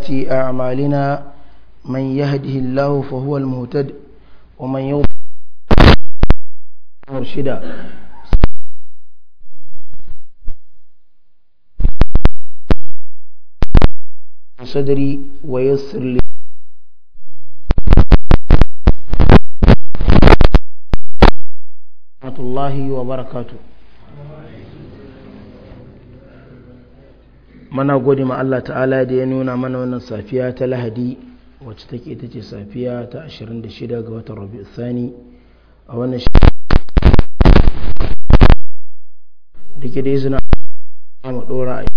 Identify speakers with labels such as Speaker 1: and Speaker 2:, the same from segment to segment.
Speaker 1: وسيئات أعمالنا من يهده الله فهو المهتد ومن يضلل مرشدا صدري ويسر لي ورحمة الله وبركاته mana gode ma Allah ta'ala da ya nuna mana wannan safiya ta lahadi wacce take ita ce safiya ta 26 ga watan rabi'u sani a wannan shekaru da ke da izina mu dora a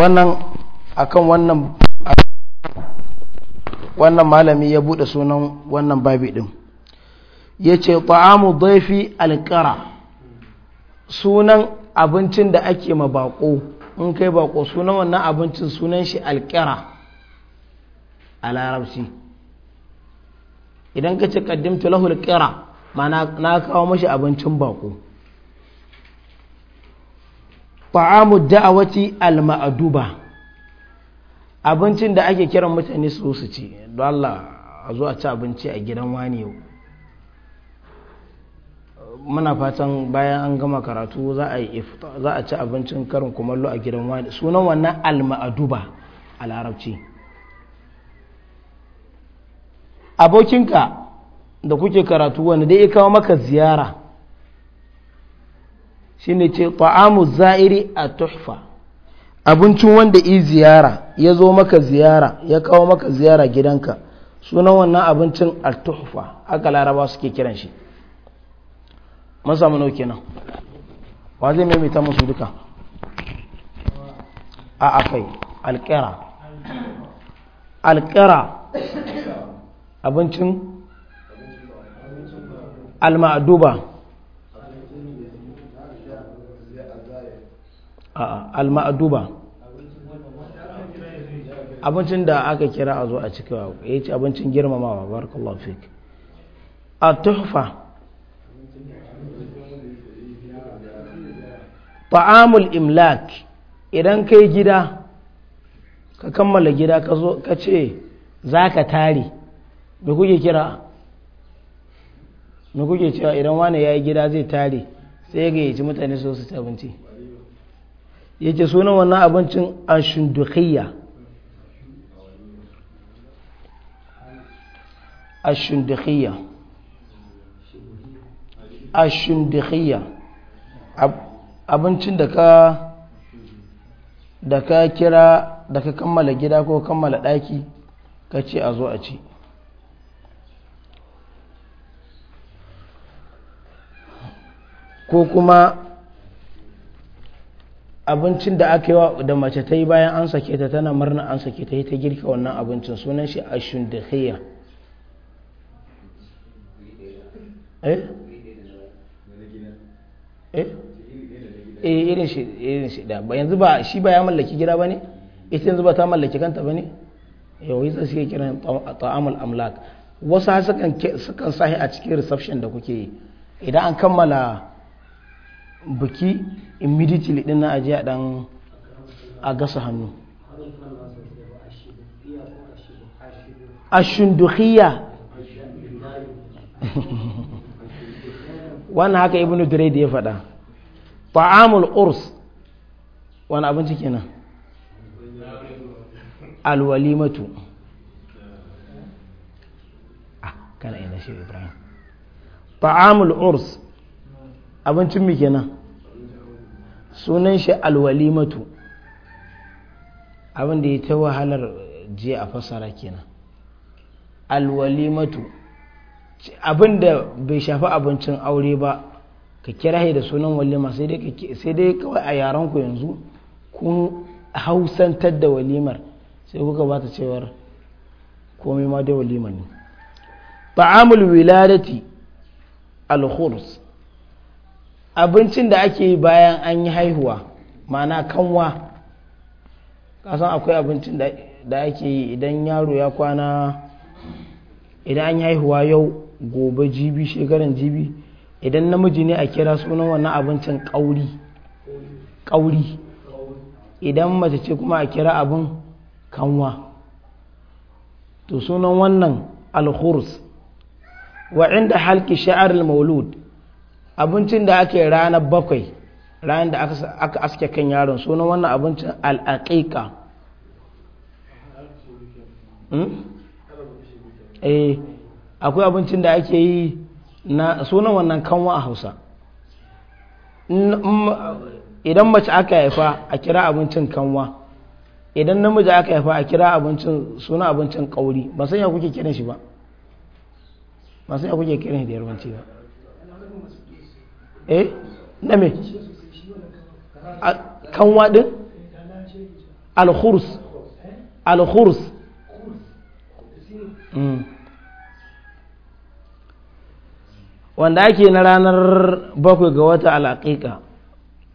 Speaker 1: wannan akan wannan wannan malami ya bude sunan wannan babi din yace ta'amu dhaifi alqara sunan abincin da ake ma bako in kai bako sunan wannan abincin sunan shi alqara a larabci idan ka ce kaddimtu lahu alqara ma'ana na kawo mashi abincin bako ta'amu da'awati al-ma'duba abincin da ake kiran mutane su su ci don Allah a zo a ci abinci a gidan wani yau muna fatan bayan an gama karatu za a yi za a ci abincin karin kumallo a gidan wani sunan wannan al-ma'duba a larabci abokinka da kuke karatu wanda dai ya kawo maka ziyara ne ce ta'amu za'iri a tuhfa abincin wanda yi ziyara ya zo maka ziyara ya kawo maka ziyara gidanka sunan wannan abincin a tuhfa aka laraba suke kiran shi masa mana nan, wa zai maimaita musu duka a akai alƙira alƙira abincin alma'aduba a alma'aduba abincin da aka kira a zo a cikawa ya ci abincin girmamawa barakallahu fik a tuhfa ta'amul imlak idan kai gida ka kammala gida ka zo ka ce za ka tare me kuke kira me kuke cewa idan wani ya yi gida zai tare sai ga yaci mutane so su ci abinci yake sunan wannan abincin ashundukiyya ashundukiyya ashundukiyya abincin da ka da ka kira da ka kammala gida ko kammala daki ka ce a zo a ci ko kuma abincin da aka yi wa da mace ta yi bayan an sake ta tana murna an sake ta yi ta girka wannan abincin sunan shi a shundahiyya eh? eh eh irin shi irin shi da ba yanzu ba shi ba ya mallaki gida ba ne ita yanzu ba ta mallaki kanta ba ne yau yi suke kiran ta'amul amlak wasu sukan sahi a cikin reception da kuke yi idan an kammala buki immediately din na aje a dan a gasa hannu ashundukhiyya wannan haka ibnu durayd ya faɗa ta'amul urs wani abinci kenan alwalimatu ah kana ina shi ibrahim ta'amul urs abincin mu kenan sunan shi alwalimatu abin da ya ta wahalar jiya a fasara kenan alwalimatu abin da bai shafi abincin aure ba ka kira da sunan walima sai dai kawai a yaranku yanzu kun hausantar da walimar sai kuka ba ta cewar komai ma dai walimar ne ta'amul wiladati al-khurs abincin da ake yi bayan an yi haihuwa mana kanwa kasan akwai abincin da ake yi idan yaro ya kwana idan an yi haihuwa yau gobe jibi shekaran jibi idan namiji ne a kira sunan wannan abincin kauri kauri idan mace ce kuma a kira abin kanwa to sunan wannan alhurs wa inda halki sha'ar maulud abincin da ake ranar bakwai ranar da aka aske kan yaron sunan wannan abincin al'aƙiƙa hmm? eh, akwai abincin da ake yi na sunan wannan kanwa a hausa idan mace aka haifa a kira abincin kanwa idan namiji aka haifa a kira abincin suna abincin kauri ba san ya kuke kiran shi ba ba san ya kuke kiran shi da yarbanci ba eh na me kanwa din alkhurs alkhurs hmm. wanda ake na ranar bakwai ga wata alaƙiƙa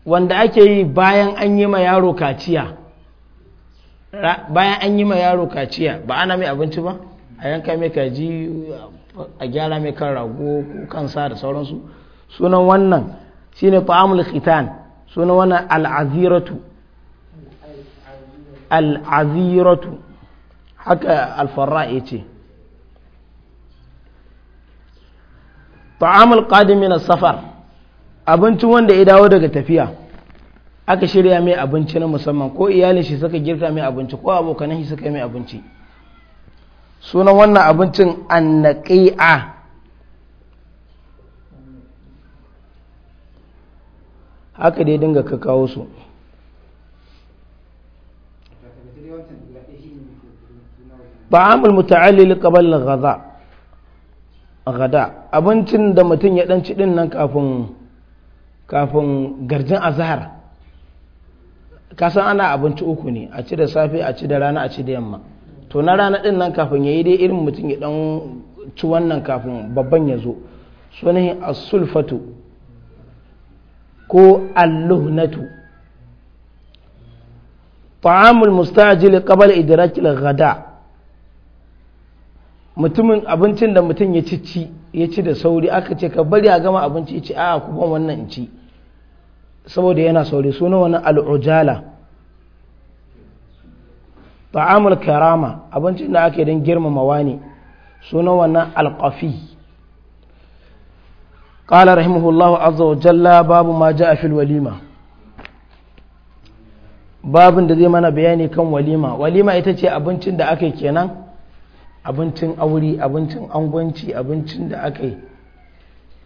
Speaker 1: wanda ake yi bayan an yi ma yaro kaciya bayan an yi ma yaro kaciya ba ana mai abinci ba a yanka mai kaji a gyara mai kan rago ko kansa da sauransu sunan wannan shine ta'amul khitan sunan wannan al'aziratu al'aziratu haka alfarra ya ce ta'amul qadimi na safar abincin wanda ya dawo daga tafiya aka shirya mai abinci na musamman ko iyalin shi suka girka mai abinci ko abokanan shi suka mai abinci sunan wannan abincin annaqi'a haka dai dinga ka kawo su ta'amul muta'allil al ghada ghada abincin da mutum ya dan ci din nan kafin kafin garjin azhar ka san ana abinci uku ne a ci da safe a ci da rana a ci da yamma to na rana din nan kafin yayi dai irin mutum ya dan ci wannan kafin babban ya zo asulfatu as-sulfatu ko alluhnatu ta'amul musta'jil qabla idrakil ghada mutumin abincin da mutum ya ci ya ci da sauri aka ce ka bari a gama abinci ya ci a ku ban wannan ci saboda yana sauri sunan wannan al'ujala ta'amul karama abincin da ake don girmamawa ne sunan wannan alqafi قال رحمه الله عز وجل باب ما جاء في الوليمة babin da zai mana bayani kan walima walima ita ce abincin da aka kenan abincin aure abincin angwanci abincin da aka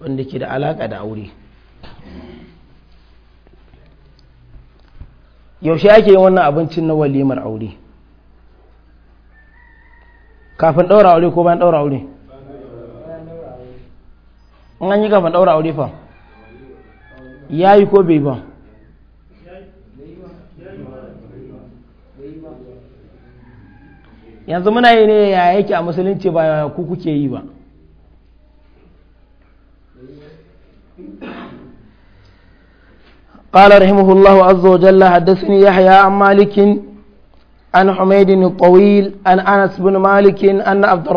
Speaker 1: wanda ke da alaka da aure yaushe ake yin wannan abincin na walimar aure kafin ɗaura aure ko bayan ɗaura aure an yi ka fa daura aure fa yayi ko bai ba yanzu muna yi ne ya yake a musulunci ba ku kuke yi ba qala rahimahu allah azza wa jalla hadathani yahya am malik an humayd an tawil an anas bin malik an abd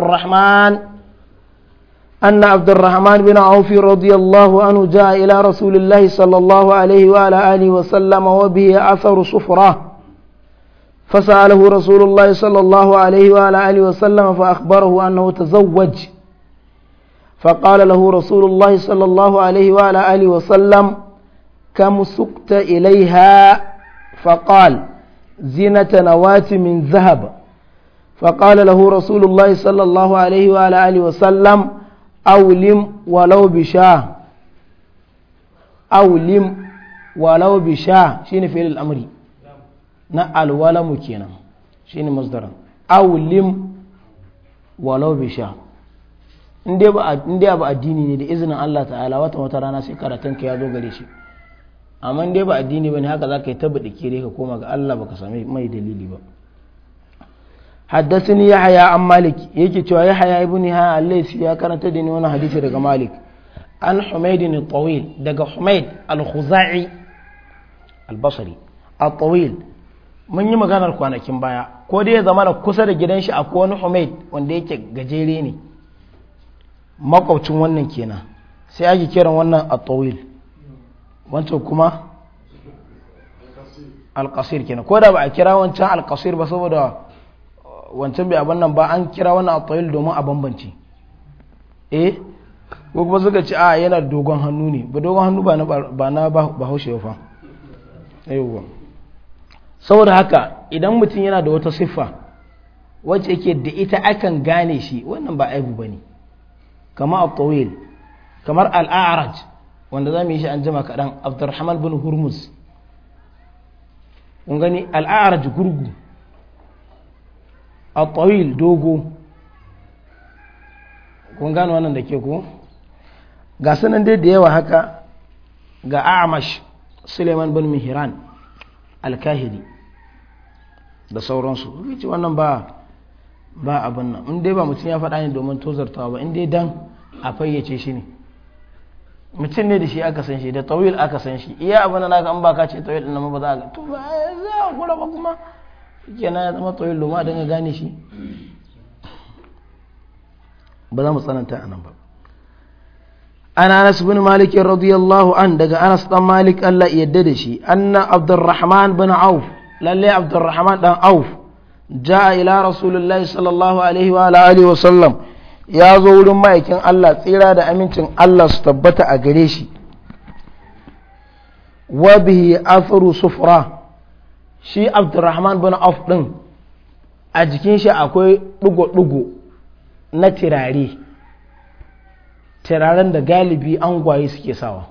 Speaker 1: أن عبد الرحمن بن عوف رضي الله عنه جاء إلى رسول الله صلى الله عليه وعلى آله وسلم وبه أثر صفرة فسأله رسول الله صلى الله عليه وعلى آله وسلم فأخبره أنه تزوج فقال له رسول الله صلى الله عليه وعلى آله وسلم كم سقت إليها فقال زينة نوات من ذهب فقال له رسول الله صلى الله عليه وعلى آله وسلم aulim walau bisha aulim walau bisha shine fi'il al'amri na alwalamu kenan shine masdaran aulim walau bisha in dai ba addini ne da izinin Allah ta'ala wata wata rana sai karatun ka ya zo gare shi amma in dai ba addini ba ne haka za ka yi tabbata kira ka koma ga Allah Ba ka sami mai dalili ba ya haya an malik yake cewa yahya ni ha al-laysi ya karanta da ni wani hadisi daga malik an humayd ibn tawil daga humayd al-khuzai al-basri at-tawil mun yi maganar kwanakin baya ko dai ya zama da kusa da gidan shi a wani humayd wanda yake gajere ne makwabcin wannan kenan sai ake kiran wannan a tawil wancan kuma al-qasir kenan ko da ba a kira wancan al-qasir ba saboda wancan bai abin nan ba an kira wani atayil domin a bambanci eh ko kuma suka ce a yana dogon hannu ne ba dogon hannu ba na ba bahaushe fa aiwa saboda haka idan mutum yana da wata siffa wacce yake da ita akan gane shi wannan ba aibu bane kamar atayil kamar al wanda za mu yi shi an jima kaɗan abdurrahman bin hurmus kun gani al'a'araj gurgu a ƙawil dogo kun gano wannan da ke ku ga sanan dai da yawa haka ga amash suleiman bin mihran alkahiri da sauransu ce wannan ba ba abin nan inda dai ba mutum ya faɗa ne domin tozartawa ba inda dai dan a fayyace shi ne mutum ne da shi aka san shi da tawil aka san shi iya abin nan aka an baka ce tawil ɗin nan ba za a ga to ba za a kura ba kuma kenan ya zama tsoyin loma don gane shi ba za mu tsananta a nan ba an anas bin malik radiyallahu an daga anas dan malik Allah yadda da shi anna abdurrahman bin auf lalle abdurrahman dan auf ja'a ila rasulullahi sallallahu alaihi wa alihi wa sallam ya zo wurin ma'aikin Allah tsira da amincin Allah su tabbata a gare shi wa bihi afru sufra shi abdurrahman bin auf din a jikin shi akwai dugo dugo na tirare tiraren da galibi an gwaye suke sawa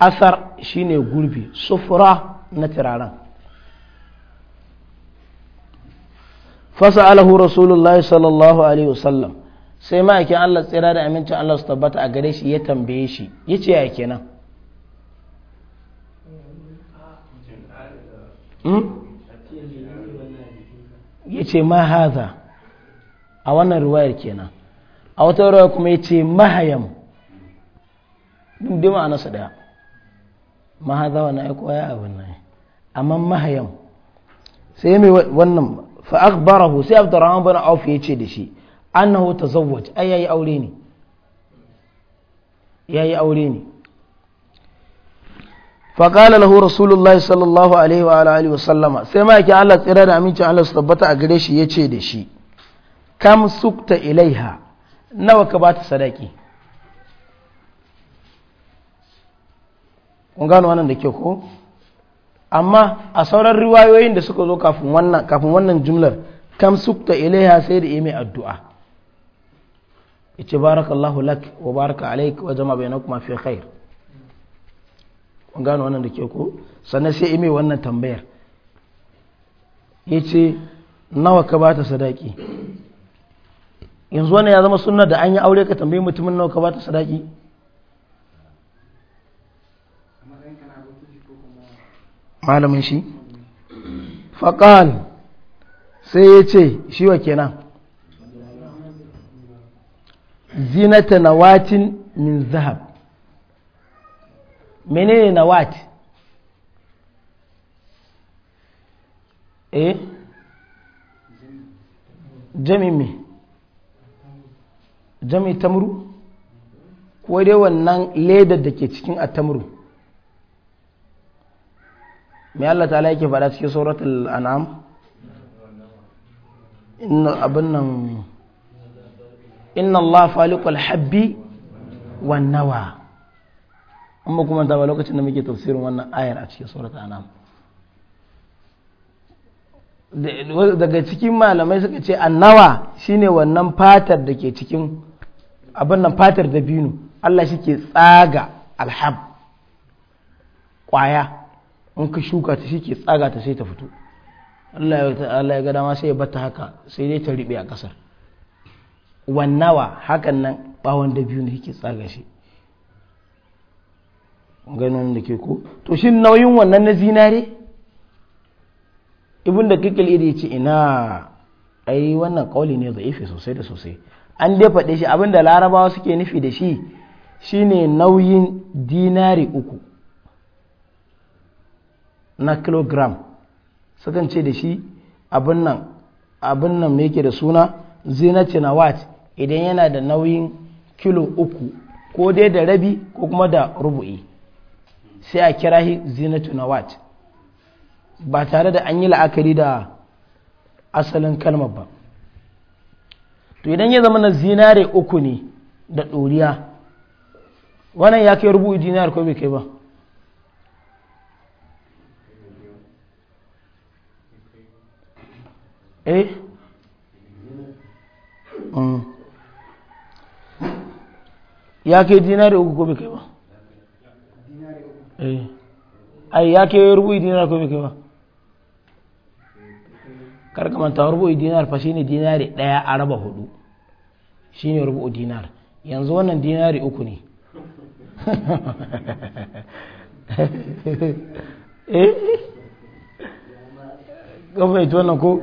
Speaker 1: asar shine gurbi sufura na tiraren alahu rasulullahi sallallahu alaihi wasallam sai ma'aikin allah tsira da amincin allah su tabbata a gare shi ya tambaye shi ya ce ya kenan Hmm? ya ce ma haza a wannan ruwayar kenan a wata ruwa kuma ya ce mahayam dimdima a nasu daya mahaza wani aiko ya abin nan amma mahayam sai mai wannan fa'akbarahu sai abdurrahman bin auf ya ce da shi annahu tazawwaj ai yayi aure ne yayi aure ne فقال له rasulullahi sallallahu alaihi wa عليه وعلى اله sai ma كي Allah tsira da امينتي Allah su tabbata a gare shi ya ce da shi kam sukta ilaiha nawa ka bata sadaki kun gano wannan da ke ko amma a sauran riwayoyin da suka zo kafin wannan kafin wannan jumlar kam sukta ilaiha sai da mai addu'a yace barakallahu lak wa baraka alaik wa jama'a bainakum fi khair kun gano wannan da ke ko sannan sai ime wannan tambayar ya ce nawa ka ba ta sadaki yanzu wani ya zama sunna da an yi aure ka tambayi mutumin nawa ka ba ta sadaki malamin shi faƙal sai ya ce shi wa kenan zinata na watin min zahab menene nawat eh jami me jami tamru ko dai wannan ledar da ke cikin atamru mai Allah ta yake faɗa cikin suratul an'am inna abin nan inna Allah faliqul habbi wan nawa amma kuma ta ba lokacin da muke tafsirin wannan ayar a cikin surat anam daga cikin malamai suka ce annawa shine wannan fatar da ke cikin abin nan fatar da binu Allah shi ke tsaga alhab kwaya in ka shuka ta shi ke tsaga ta sai ta fito Allah ya ga dama sai ya bata haka sai dai ta riɓe a ƙasar wannawa hakan nan ɓawon da biyu ne yake tsaga shi ganin da ke ko to shi nauyin wannan na zinare ibin da kikil iri ce ina ai wannan kauli ne zaifi sosai da sosai an dai faɗe shi abinda larabawa suke nufi da shi shine nauyin dinari uku na kilogram sukan ce da shi abin nan abin nan yake da suna zinace na wat idan yana da nauyin kilo uku ko dai da rabi ko kuma da rubu'i sai a kira shi zinatu nawat ba tare da an yi la'akari da asalin kalmar ba to idan ya zama na zinare uku ne da ɗoriya wannan ya kai rubu dinar ko bai kai ba eh mm. ya kai zinare uku ko bai kai ba eh ai ya ke rubu dinar ko bai kai ba kar ka manta rubu dinar fa shine dinari daya a raba hudu shine rubu dinar yanzu wannan dinari uku ne eh ka fahimci wannan ko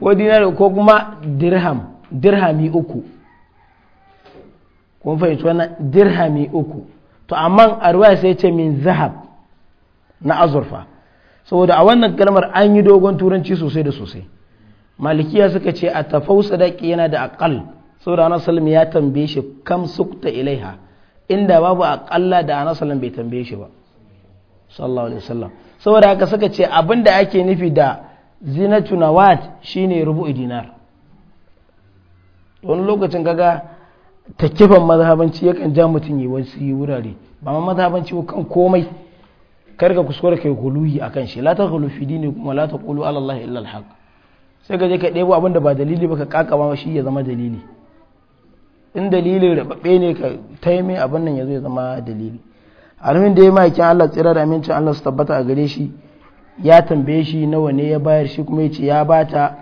Speaker 1: ko dinari ko kuma dirham dirhami uku kun fahimci wannan dirhami uku to amma a ruwaya sai ce min zahab na azurfa saboda a wannan kalmar an yi dogon turanci sosai da sosai malikiya suka ce a tafau sadaki yana da akal saboda ana salim ya tambaye shi kam sukta ilaiha inda babu akalla da ana salim bai tambaye shi ba sallallahu alaihi wasallam saboda haka suka ce abinda ake nufi da zinatu nawat shine rubu'i dinar wani lokacin kaga ta kifan mazhabanci yakan ja mutum yi wasu yi wurare ba ma mazhabanci kan komai karka kuskure kai huluyi akan shi la ta hulu fi dini kuma la ta qulu ala allah illa alhaq sai ka je ka ɗebo abin da ba dalili ba ka ba shi ya zama dalili in dalilin rababbe ne ka taimai abin nan ya ya zama dalili alamin da ya maki Allah tsira da amincin Allah su tabbata a gare shi ya tambaye shi nawa ne ya bayar shi kuma ya ce ya bata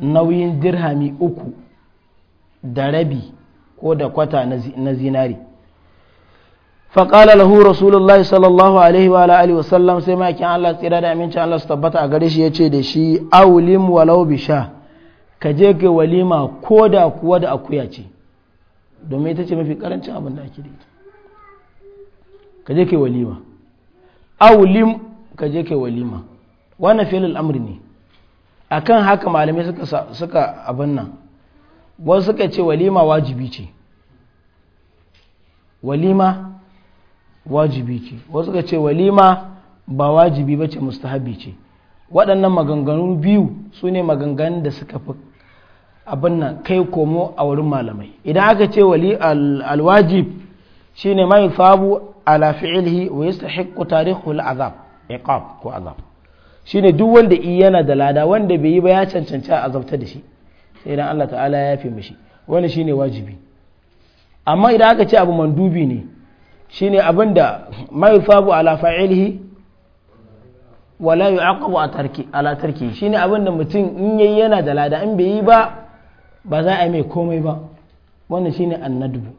Speaker 1: nauyin dirhami uku da rabi ko da kwata na zinari faƙala lahu rasulullah sallallahu alaihi wa wa sallam. sai makin Allah tsira da amincin Allah su tabbata a gare shi ya ce da shi aulim walau sha. ka je ga walima ko da kuwa da akuya ce domin ita ce mafi karancin abin da ake da ita ka je kai walima aulim ka je kai walima wannan fi'il al'amri ne akan haka malamai suka suka abin nan wasu suka ce walima wajibi ce walima wajibi ce wasu suka ce walima ba wajibi ba ce mustahabi ce waɗannan maganganu biyu su ne maganganun da suka fi abin nan kai komo a wurin malamai idan aka ce wali alwajib shi ne mai fabu ala fi'ilhi wa yastahiqqu tarihu al'azab iqab ko azab ne duk wanda iyana yana da lada wanda bai yi ba ya cancanci azabta da shi sai dan Allah ta'ala ya yafe mishi wani shine wajibi amma idan aka ce abu mandubi ne shine abinda da mai fabu ala fa'ilihi wala yu'aqabu a tarki ala tarki shine abinda mutum in yayi yana da lada in bai yi ba ba za a yi mai komai ba wannan shine annadubu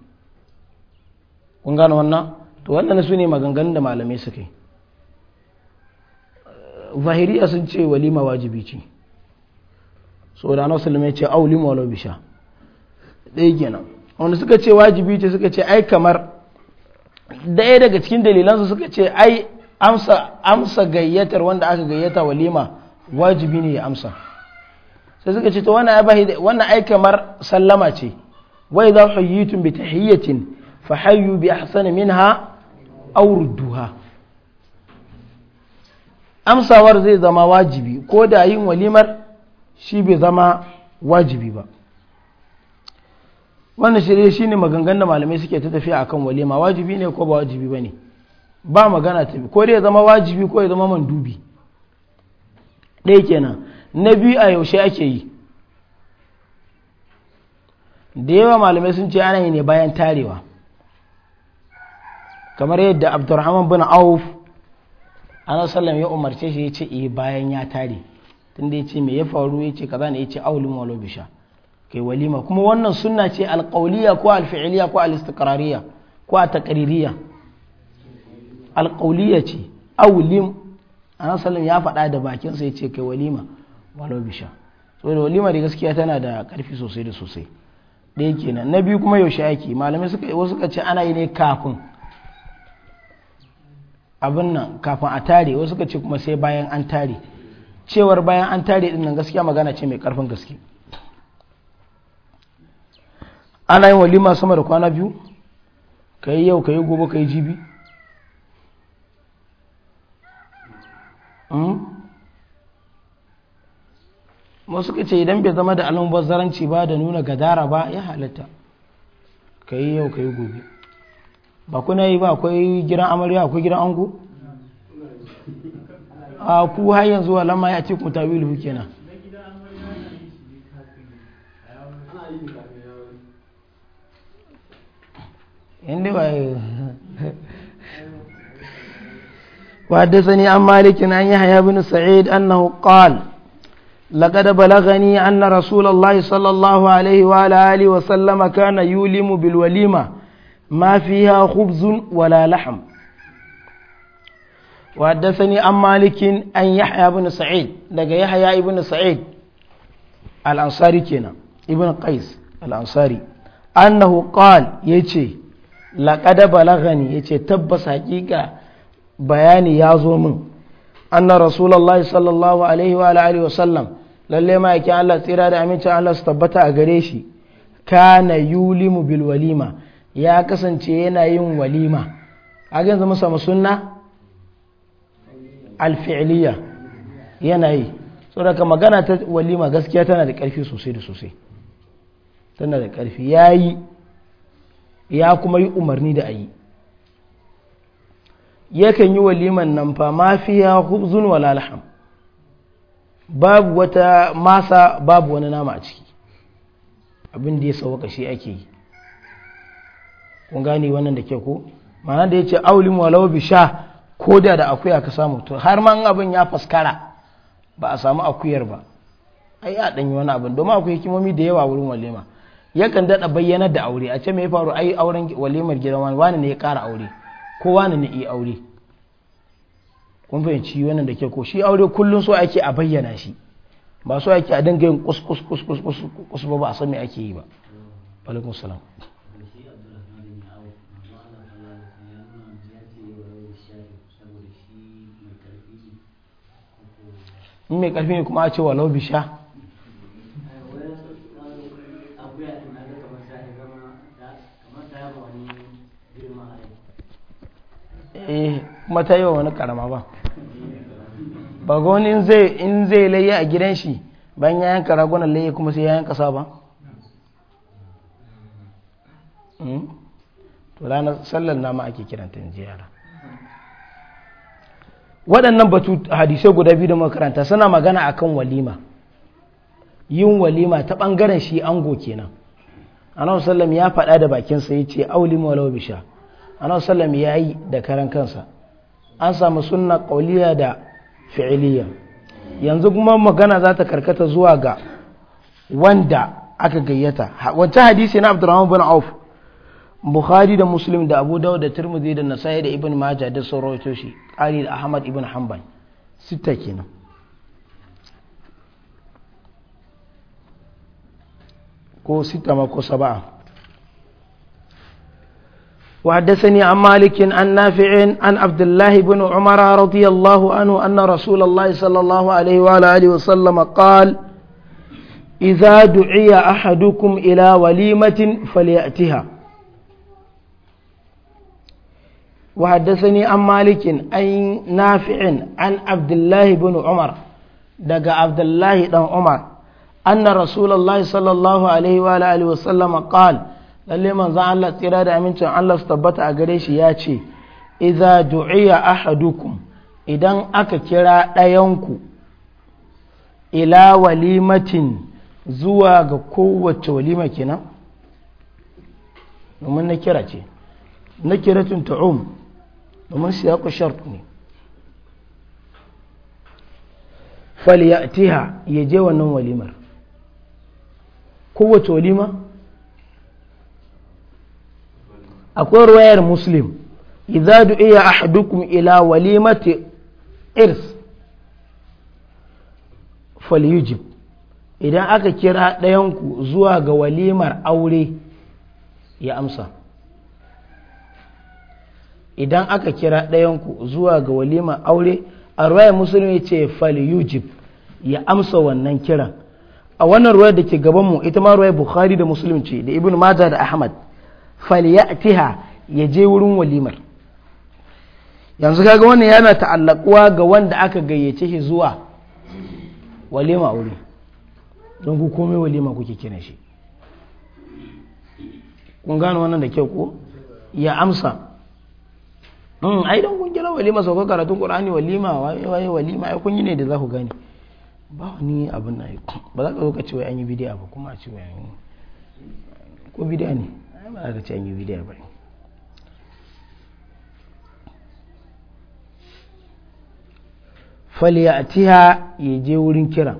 Speaker 1: kun gano wannan to wannan su ne maganganun da malamai suka yi zahiriya sun ce walima wajibi ce so da sallallahu ya ce auli ma walau bisha ɗaya kenan wanda suka ce wajibi ce suka ce ai kamar ɗaya daga cikin dalilansu suka ce ai amsa amsa gayyatar wanda aka gayyata walima wajibi ne ya amsa sai suka ce to wannan ai kamar sallama ce wai za ku yi tun bi tahiyyatin fa hayyu bi ahsani minha aw rudduha amsawar zai zama wajibi ko da yin walimar shi bai zama wajibi ba wannan shirye shi ne magangan da malamai suke ta tafiya akan walima wajibi ne ko ba wajibi ba ne ba magana ta ko dai ya zama wajibi ko ya zama mandubi ɗaya kenan na biyu a yaushe ake yi da yawa malamai sun ce ana yi ne bayan tarewa kamar yadda abdurrahman bin auf ana sallam ya umarce shi ya ce eh, bayan ya tare tunda ce me ya faru Ya yace kaza ne ce aulin walo bisha kai walima kuma wannan sunna ce alqauliya ko alfi'iliya ko alistikarariya ko takaririya alqauliya ce aulim An-Salim ya faɗa da bakinsa ya ce kai walima walo bisha saboda walima da gaskiya tana da ƙarfi sosai da sosai ɗaya kenan na biyu kuma yaushe ake malamai suka wasu kace ce ana yi ne kafin abin nan kafin a tare wasu kace ce kuma sai bayan an tare cewar bayan an tare din nan gaskiya magana ce mai karfin gaske ana yin walima sama da kwana biyu ka yi yau ka yi gobe ka yi jibi masu hmm? ka ce idan bai zama da bazzaranci ba da nuna gadara ba ya halatta ka yi yau ka yi gobe ba kuna yi ba akwai gidan amarya akwai gidan ango a ku har yanzu wa lamma ya ce ku tawilu ke nan inda waye wadda sani an malikin an yi haya bin sa'id an na hukal laƙada balagani an na rasulallah sallallahu alaihi wa wa sallama kana yuli mu bilwalima ma fi ha hubzun wala lahamu وحدثني عن مالك أن يحيى بن سعيد لقى يحيى بن سعيد الأنصاري كنا ابن قيس الأنصاري أنه قال يتي لقد بلغني يتي تبس حقيقة بياني يازو من أن رسول الله صلى الله عليه وعلى آله وسلم lalle ما yake الله tsira da amincin Allah su tabbata a gare shi kana yulimu bil walima ya kasance yana yin walima a yanzu mu sunna alfi'liya yana yi ka magana ta walima gaskiya tana da ƙarfi sosai da sosai tana da ƙarfi ya yi ya kuma yi umarni da ayi. yi yakan yi waliman nan fa mafiya hubzun wala babu wata masa babu wani nama a ciki abin da ya sauka shi ake yi kun gane wannan da ke ko ma'ana da ya ce aulim walau bi sha ko da da akuya ka samu to har man abin ya faskara ba a samu akuyar ba ai a danyi wani abin domin akwai hikimomi da yawa wurin walima yakan daɗa bayyanar da aure a ce me ya faru ai auren walimar gidan wani wani ne ya ƙara aure ko wani ne yi aure kun fahimci wannan da ke ko shi aure kullum so ake a bayyana shi ba so ake a dinga yin kus kus kus ba ba a san ake yi ba in mai karfi ne kuma a ce walau bisha eh kuma ta yi wa wani karama ba ba ga in zai laye a gidan shi ban ya yanka laye kuma sai ya yanka ba hmm? to ranar sallar nama ake kiranta jiyara waɗannan batu hadisai guda biyu da makaranta suna magana a kan walima yin walima ta ɓangaren shi ango kenan anahu sallam ya faɗa da bakinsa ya ce auli walau bisha anahu sallam ya yi da karan kansa an samu sunna ƙauliya da fi'iliya yanzu kuma magana za ta karkata zuwa ga wanda aka gayyata wancan hadisi na abdurrahman bin auf bukhari da muslim da abu dawud da tirmidhi da nasai da ibn majah da sauran ƙari da ahmad ibn hanbal sita kenan ko sita ma ko saba'a وحدثني عن مالك عن نافع عن عبد الله بن عمر رضي الله عنه أن رسول الله صلى الله عليه وآله وسلم قال إذا دعي أحدكم إلى وليمة فليأتها وحدثني عن مالك عن نافع عن عبد الله بن عمر umar عبد الله بن عمر أن رسول الله صلى الله عليه وآله وسلم قال lalle manzo Allah tsira da amincin Allah su tabbata a gare shi ya ce idza du'iya ahadukum idan aka kira ɗayanku ila walimatin zuwa ga kowace walima kenan domin siyaku shart ne falyatiha ya je wannan walimar kowace walima akwai ruwayar muslim idza du'iya ahadukum ila walimati irs falyujib idan aka kira ɗayanku zuwa ga walimar aure ya amsa idan aka kira ɗayanku zuwa ga walima aure a ruwaya musulmi ce fal yujib ya amsa wannan kiran a wannan ruwaya da ke gabanmu ita ma ruwaya bukhari da musulmi da ibn Maja da ahmad fal ya'tiha ya je wurin walimar yanzu kaga wannan yana ta'allakuwa ga wanda aka gayyace shi zuwa walima aure don ku komai walima kuke kina shi kun gano wannan da kyau ko ya amsa Mm, ai don kun kira walima sauka karatun qur'ani walima waye walima ai kun yi ne da za ku gane ba wani abin na yi ba za ka zo ka ce wai an yi bidiya ba kuma a ce wai an yi ko bidiya ne ai ba za ka ce an yi bidiya ba a tiha ya je wurin kira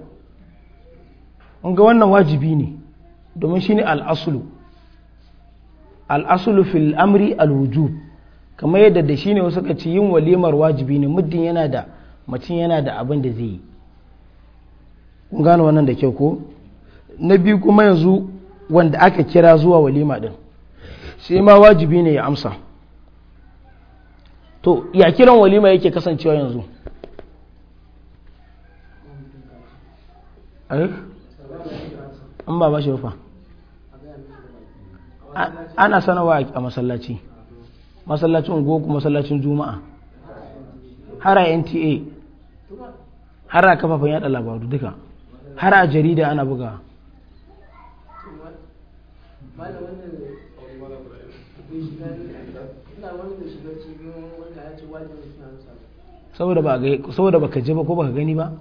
Speaker 1: in ga wannan wajibi ne domin shi ne al'asulu al fil amri al-wujub kamar yadda da shi ne wasu ka ci yin walimar wajibi ne muddin yana da mutum yana da abin da zai yi kun gano wannan da kyau ko na biyu kuma yanzu wanda aka kira zuwa walima din sai ma wajibi ne ya amsa to ya kiran walima yake kasancewa yanzu an eh? ba ba shi rufa ana sanawa a masallaci masallacin goku masallacin juma'a har a nta har a kafafen yada labaru duka har a jarida ana buga saboda ba ka je ba ko ba ka gani ba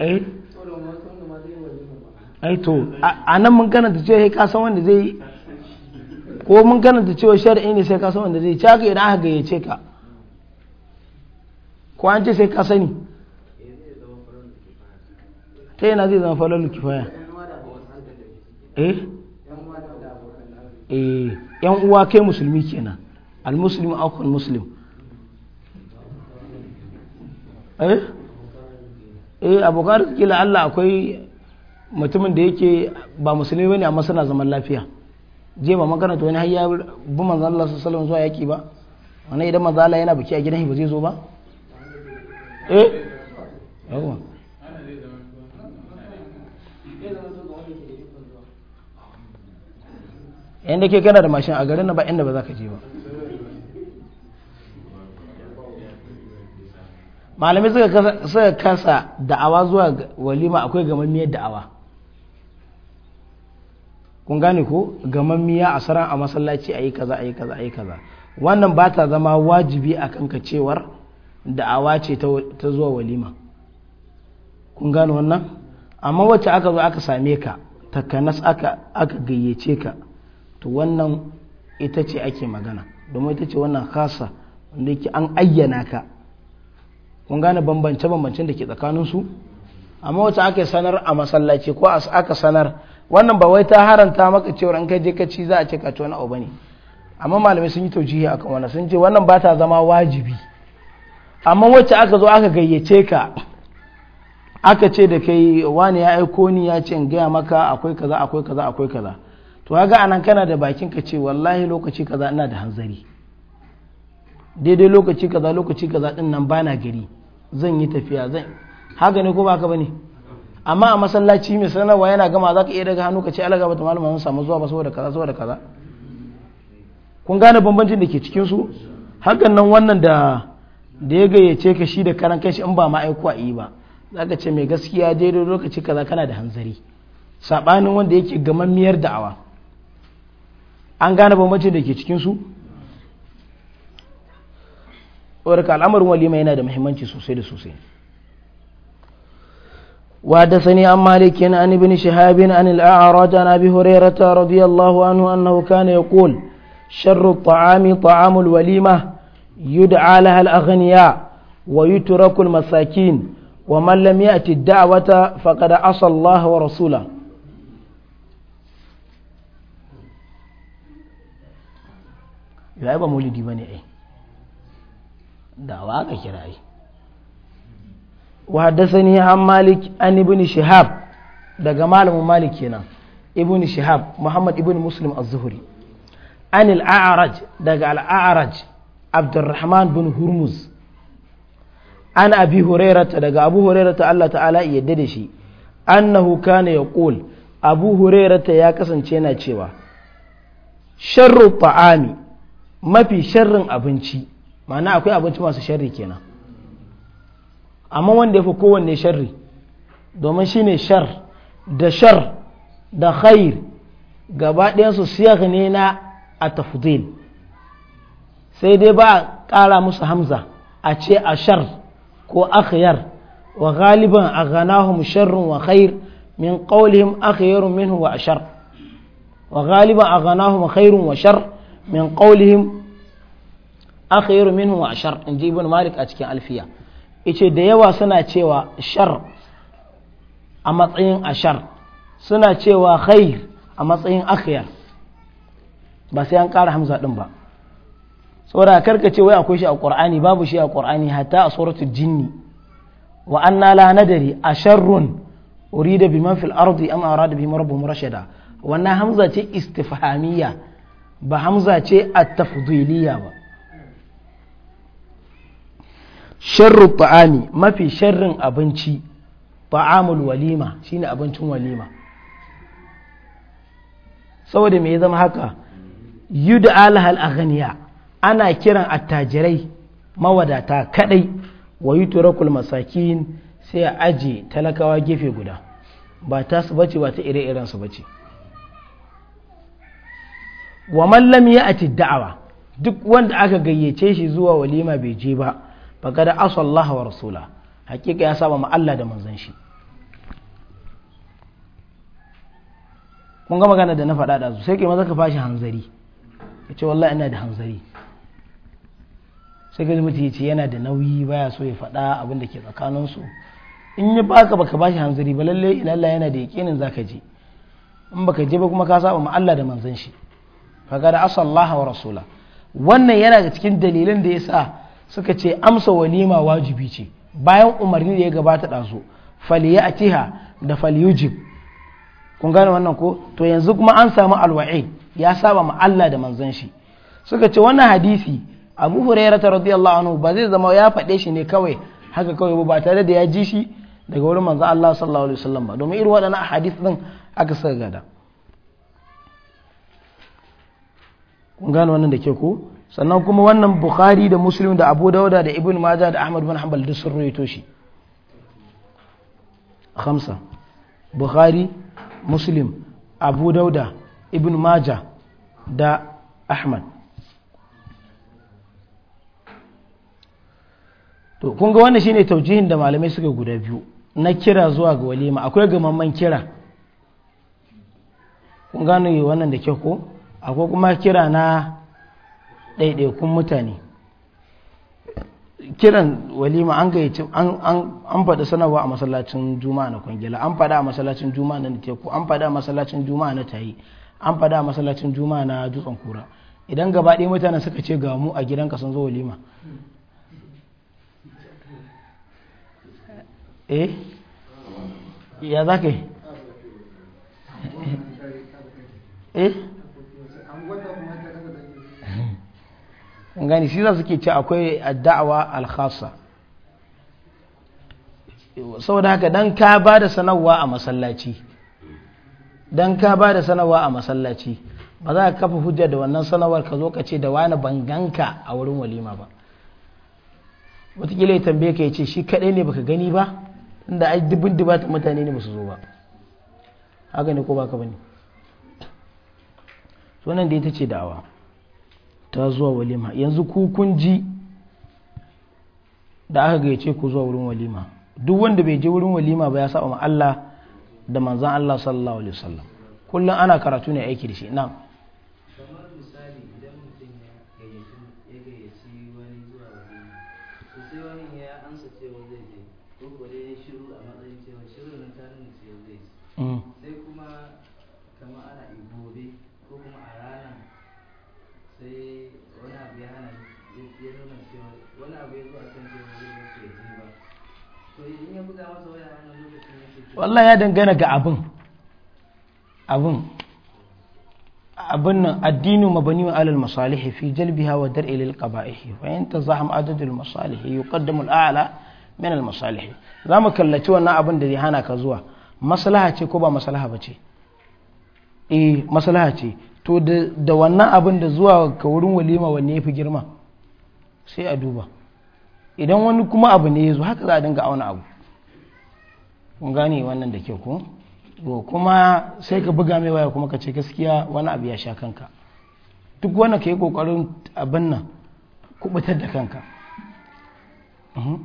Speaker 1: eh? ai to a nan mun gana da ce ka san wanda zai ko mun da cewa shari'i ne sai ka san wanda zai caka idan aka gayyace ka ko an ce sai ka sani ta yana zai zama falon lukifaya eh eh yan uwa kai musulmi kenan al-muslim akwai muslim eh eh abokan arziki la Allah akwai mutumin da yake ba musulmi bane amma suna zaman lafiya je ba magana to wani har ya bi manzo Allah sallallahu zuwa yaki ba wani idan manzo Allah yana biki a gidan shi ba zai zo ba eh yawa yanda ke kana da mashin a garin na ba inda ba za ka je ba malamai suka kasa da'awa zuwa walima akwai miyar da'awa kun gane ko gamammiya a saran a masallaci a yi kaza a yi kaza a yi kaza wannan ba ta zama wajibi a kanka cewar da'awa ce ta zuwa walima kun gane wannan amma wacce aka zo aka same ka takanas aka aka gayyace ka to wannan ita ce ake magana domin ita ce wannan khasa wanda yake an ayyana ka kun gane bambance-bambancen da ke su amma wacce aka sanar a masallaci ko aka sanar wannan ba wai ta haranta maka cewar an kai je ka ci za a ce ka ci wani abu bane amma malamai sun yi taujihi akan wannan sun ce wannan ba ta zama wajibi amma wacce aka zo aka gayyace ka aka ce da kai wani ya aiko ni ya ce in gaya maka akwai kaza akwai kaza akwai kaza to kaga anan kana da bakin ka ce wallahi lokaci kaza ina da hanzari daidai lokaci kaza lokaci kaza din nan bana gari zan yi tafiya zan haka ne ko ba ka bane amma a masallaci mai sanarwa yana gama za ka iya daga hannu ka ce alaga ta malama mun samu zuwa ba saboda kaza saboda kaza kun gane bambancin da ke cikin su hakan nan wannan da da ya gayyace ka shi da karan kanshi in ba ma aiko a yi ba za ka ce mai gaskiya daidai lokaci kaza kana da hanzari sabanin wanda yake gamammiyar da'awa an gane bambancin da ke cikin su al'amarin walima yana da muhimmanci sosai da sosai وحدثني عن مالك عن ابن شهاب عن الأعرج عن أبي هريرة رضي الله عنه أنه كان يقول شر الطعام طعام الوليمة يدعى لها الأغنياء ويترك المساكين ومن لم يأت الدعوة فقد عصى الله ورسوله ya ba maulidi ba ne ai da waka kira ai وحدثني عن مالك عن ابن شهاب دغ مالك مالك هنا ابن شهاب محمد ابن مسلم الزهري عن الاعرج دغ الاعرج عبد الرحمن بن هرمز عن ابي هريره دغ ابو هريره الله تعالى يددشي انه كان يقول ابو هريره يا كسن نا تشيوا شر الطعام ما في شر أبنشي ma'ana akwai abinci masu شر كينا amma wanda ya fi kowanne sharri domin shi ne shar da shar da khair gaba ɗayansu siya ne na a tafudil sai dai ba a ƙara musu hamza a ce a shar ko akhyar wa galiban a ganahum sharrun wa khair min qawlihim akhyarun minhu wa ashar wa galiban a ganahum khairun wa shar min qawlihim akhyarun minhu wa shar in ji ibn malik a cikin alfiya ice da yawa suna cewa shar a matsayin ashar suna cewa khair a matsayin akhyar ba sai an ƙara hamza ɗin ba saboda karka ce wai akwai shi a ƙur'ani babu shi a ƙur'ani hatta a suratul jinni wa anna la nadari asharrun urida biman fil ardi am arada bihim rabbuhum rashada wannan hamza ce istifhamiyya ba hamza ce at-tafdhiliyya ba sharru ta'ami mafi sharrin abinci ta'amul walima shine abincin walima saboda me ya zama haka yuda alhal aghniya ana kiran attajirai mawadata kadai wa yutrakul masakin sai a aje talakawa gefe guda ba ta su bace ba ta ire-iren su bace wa man lam ya'ti da'awa duk wanda aka gayyace shi zuwa walima bai je ba faqad asa Allah wa rasula hakika ya saba ma Allah da manzon shi kun ga magana da na faɗa da su sai kai maza ka fashi hanzari ya ce wallahi ina da hanzari sai ga mutum ya ce yana da nauyi baya so ya faɗa abin da ke tsakaninsu in ya baka baka bashi hanzari ba lalle ilalla yana da za zaka je in baka je ba kuma ka saba ma Allah da manzon shi faga da asallaha wa rasula wannan yana ga cikin dalilan da ya sa. suka ce amsa walima wajibi ce bayan umarni da ya gabata ɗazu faliya atiha da faliyujib kun gane wannan ko to yanzu kuma an samu alwa'i ya saba ma Allah da manzon shi suka ce wannan hadisi Abu Hurairah radiyallahu anhu ba zai zama ya faɗe shi ne kawai haka kawai ba tare da ya ji shi daga wurin manzon Allah sallallahu alaihi wasallam ba domin irin waɗannan hadis din aka saka gada kun gane wannan da ke ko sannan kuma wannan bukhari da muslim da abu dauda da ibn maja da ahmad bin hanbal duk sun rawaito shi khamsa bukhari muslim abu dauda ibn maja da ahmad to kun ga wannan shine taujihin da malamai suka guda biyu na kira zuwa ga walima akwai gamamman kira kun gano yi wannan da kyau ko akwai kuma kira na ɗaiɗaikun mutane kiran walima an gaici an faɗi sanarwa a masallacin juma'a na kwangila an faɗa a masallacin juma'a na teku an faɗa a masallacin juma'a na tayi an faɗa a masallacin juma'a na dutsen kura idan gaba ɗaya mutane suka ce ga mu a gidanka sun zo walima eh ya za ka yi eh gani shi za ke ce akwai da'awa alkhasa saboda haka dan ka ba da sanarwa a masallaci dan ka ba da sanarwa a masallaci ba za ka kafa hujja da wannan sanarwar ka zo ka ce da wani banganka a wurin walima ba wataƙila ya tambaye ka ya ce shi kaɗai ne baka gani ba inda ai dubin dubata mutane ne ba su zo ba haka ne ko baka bane sunan da ita ce da'awa ta zuwa walima yanzu ku kun ji da aka gayyace ku zuwa wurin walima duk wanda bai je wurin walima ba ya saba ma Allah da manzan Allah sallallahu alaihi wasallam kullum ana karatu ne aiki da shi na'am wallah ya dangana ga abin abin abin nan addinu mabani wa alal masalihi fi jalbiha wa dar'i lil qaba'ihi wa in tazaham adadul masalihi yuqaddamu al a'la min al masalihi zamu kallaci wannan abin da zai hana ka zuwa maslaha ce ko ba maslaha ba ce eh maslaha ce to da wannan abin da zuwa ka wurin walima wanne yafi girma sai a duba idan wani kuma abu ne ya haka za a dinga auna abu kun gane wannan da kyau ko kuma sai ka buga mai waya kuma ka ce gaskiya wani abu ya sha kanka duk wanda ka yi kokarin abin nan kubutar da kanka mhm.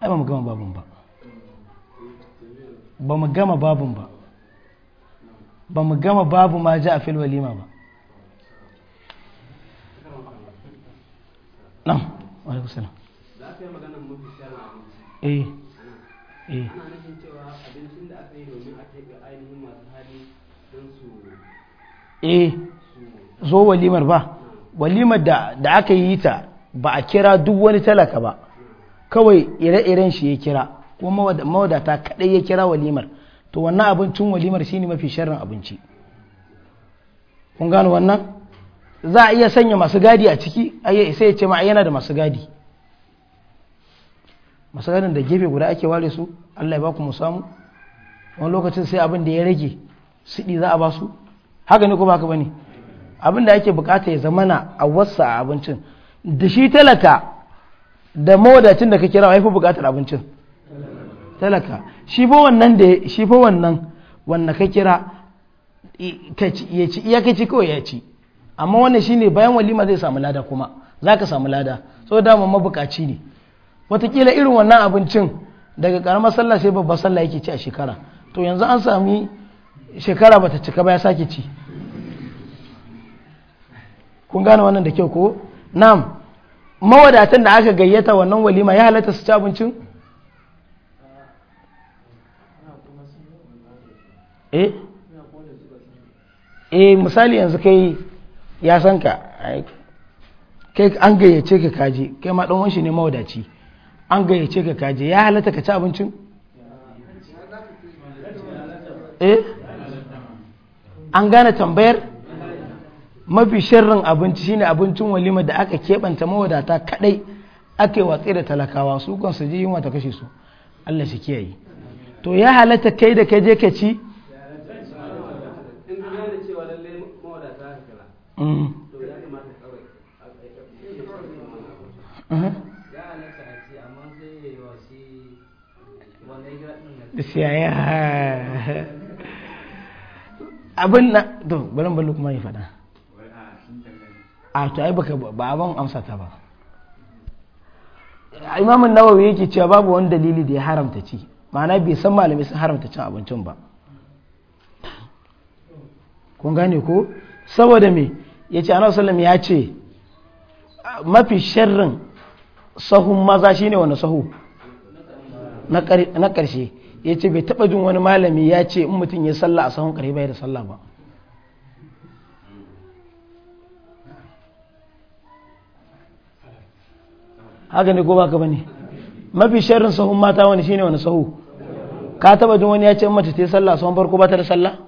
Speaker 1: ai ba mu gama babin ba ba mu gama babin ba ba mu gama babu ma ja a filwalima ba e zo walimar ba walimar da aka yi ta ba a kira duk wani talaka ba kawai ire-iren shi ya kira kuma mawadata kadai ya kira walimar to wannan abincin walimar shine mafi sharrin abinci kun gano wannan za a iya sanya masu gadi a ciki sai ya ce ma yana da masu gadi masu gadin da gefe guda ake ware su Allah ya ba ku mu samu wani lokacin sai abin da ya rage siɗi za a ba su haka ne ko ba ka bane abin da ake bukata ya zamana a wasa a abincin da shi talaka da mawadacin da ka kira haifi bukatar abincin talaka shi fa wannan da shi fa wannan wanda ka kira ya ci iya ka ci kawai ya ci amma wannan shine bayan walima zai samu lada kuma za ka samu lada so dama mabukaci ne watakila irin wannan abincin daga karamar sallah sai babbar sallah yake ci a shekara to yanzu an sami shekara bata cika ba ya sake ci kun gane wannan da kyau ko nam mawadatan da aka gayyata wannan walima ya halatta su ci abincin eh eh misali yanzu kai ya san ka kai an gayyace ka kaje kai ma dan wanshi ne mawadaci an gayyace ka kaje ya halatta ka ci abincin eh an gane tambayar mafi sharrin abinci shine abincin walima da aka keɓanta mawadata kadai ake watsi da talakawa su kan su ji yunwa ta kashe su Allah shi kiyaye to ya halatta kai da kai je ka ci siyaya mm. uh-huh. abin na to balin balin kuma yi fada a ah, to ai baka ba abin amsa ta ba imamun nawawi yake cewa babu wani dalili da ya haramta ci ma'ana bai san malamai sun haramta cin abincin ba kun gane ko saboda me ya ce ana ya ce mafi sharrin sahun maza shine wani sahu na ƙarshe ya ce bai taɓa jin wani malami ya ce in mutum ya sallah a sahun ƙarfi bai da sallah ba haka ne ko ba ka ne mafi sharrin sahun mata wani shine wani sahu ka taɓa jin wani ya ce in mace ta yi sallah a sahun farko ba ta da sallah